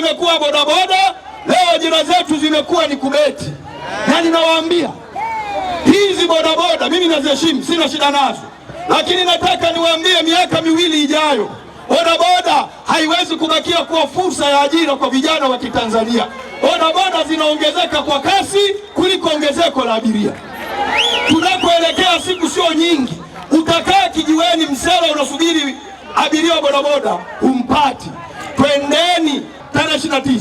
zimekuwa bodaboda, leo ajira zetu zimekuwa ni kubeti. Na ninawaambia hizi bodaboda mimi naziheshimu, sina shida nazo, lakini nataka niwaambie, miaka miwili ijayo bodaboda haiwezi kubakia kuwa fursa ya ajira kwa vijana wa Kitanzania. Bodaboda zinaongezeka kwa kasi kuliko ongezeko la abiria. Tunakoelekea siku sio nyingi, utakaa kijiweni Msela unasubiri abiria wa bodaboda umpati Twendeni tarehe 29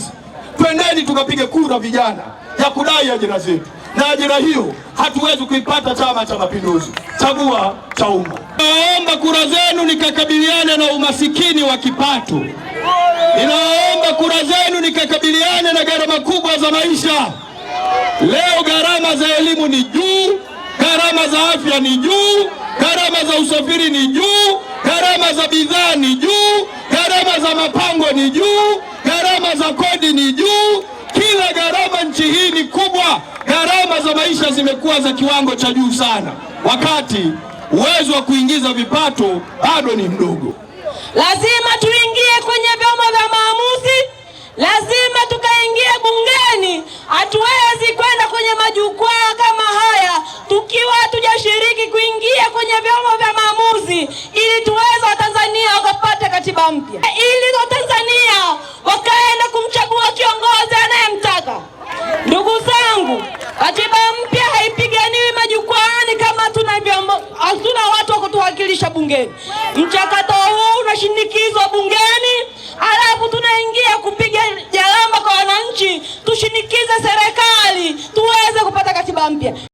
twendeni tukapige kura vijana ya kudai ajira zetu, na ajira hiyo hatuwezi kuipata Chama cha Mapinduzi. Chagua cha umma. Naomba kura zenu nikakabiliane na umasikini wa kipato. Ninaomba kura zenu nikakabiliane na gharama kubwa za maisha. Leo gharama za elimu ni juu, gharama za afya ni juu, gharama za usafiri ni juu, gharama za bidhaa ni juu, gharama za mapango ni juu gharama za kodi ni juu, kila gharama nchi hii ni kubwa, gharama za maisha zimekuwa za kiwango cha juu sana, wakati uwezo wa kuingiza vipato bado ni mdogo. Lazima tuingie kwenye vyombo vya maamuzi, lazima tukaingie bungeni. Hatuwezi kwenda kwenye majukwaa kama haya tukiwa hatujashiriki kuingia kwenye vyombo vya maamuzi, ili tuweze Watanzania wakapate katiba mpya, ili Watanzania bungeni. Mchakato huu unashinikizwa bungeni, alafu tunaingia kupiga jalamba kwa wananchi, tushinikize serikali tuweze kupata katiba mpya.